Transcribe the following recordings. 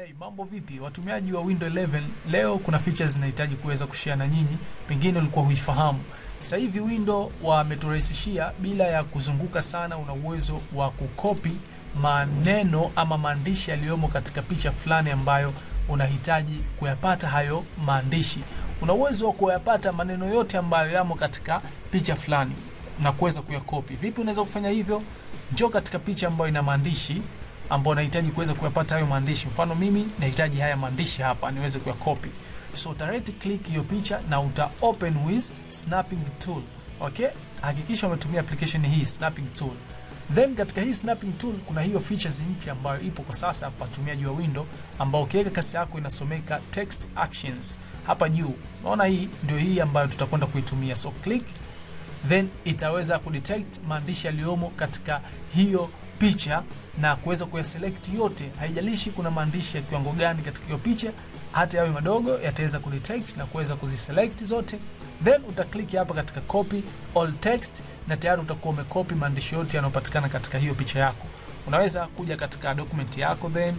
Hey, mambo vipi watumiaji wa Windows 11, leo kuna features zinahitaji kuweza kushare na nyinyi, pengine ulikuwa huifahamu. Sasa hivi Windows wameturahisishia bila ya kuzunguka sana, una uwezo wa kukopi maneno ama maandishi yaliyomo katika picha fulani ambayo unahitaji kuyapata hayo maandishi. Una uwezo wa kuyapata maneno yote ambayo yamo katika picha fulani na kuweza kuyakopi. Vipi unaweza kufanya hivyo? Njoo katika picha ambayo ina maandishi ambao nahitaji kuweza kuyapata hayo maandishi. Mfano mimi nahitaji haya maandishi hapa niweze kuyakopi. So uta right click hiyo picha na uta open with snapping tool. Okay? Hakikisha umetumia application hii snapping tool. Then katika hii snapping tool kuna hiyo features mpya ambayo ipo kwa sasa kwa watumiaji wa window, ambao ukiweka kasi yako inasomeka text actions hapa juu. Unaona hii ndio hii ambayo tutakwenda kuitumia. So click then itaweza kudetect maandishi yaliyomo katika hiyo picha na kuweza kuyaselect yote, haijalishi kuna maandishi ya kiwango gani katika hiyo picha, hata yawe madogo, yataweza kudetect na kuweza kuziselect zote, then utakliki hapa katika copy all text, na tayari utakuwa umekopi maandishi yote yanayopatikana katika hiyo picha yako. Unaweza kuja katika document yako then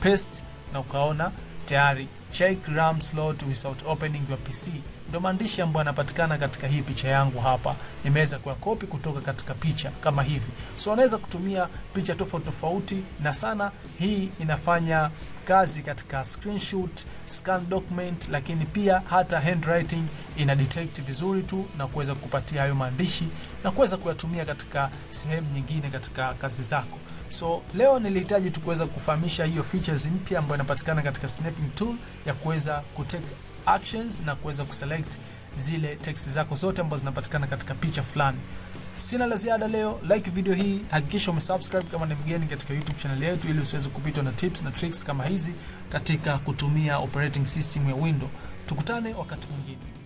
paste na ukaona tayari check RAM slot without opening your PC ndio maandishi ambayo yanapatikana katika hii picha yangu hapa. Nimeweza kuyakopi kutoka katika picha kama hivi, so unaweza kutumia picha tofauti tofauti, na sana hii inafanya kazi katika screenshot, scan document, lakini pia hata handwriting ina detect vizuri tu na kuweza kukupatia hayo maandishi na kuweza kuyatumia katika sehemu nyingine katika kazi zako. So leo nilihitaji tu kuweza kufahamisha hiyo features mpya ambayo inapatikana katika snapping tool ya kuweza kutake actions na kuweza kuselect zile text zako zote ambazo zinapatikana katika picha fulani. Sina la ziada leo, like video hii, hakikisha umesubscribe kama ni mgeni katika YouTube channel yetu, ili usiweze kupitwa na tips na tricks kama hizi katika kutumia operating system ya Windows. Tukutane wakati mwingine.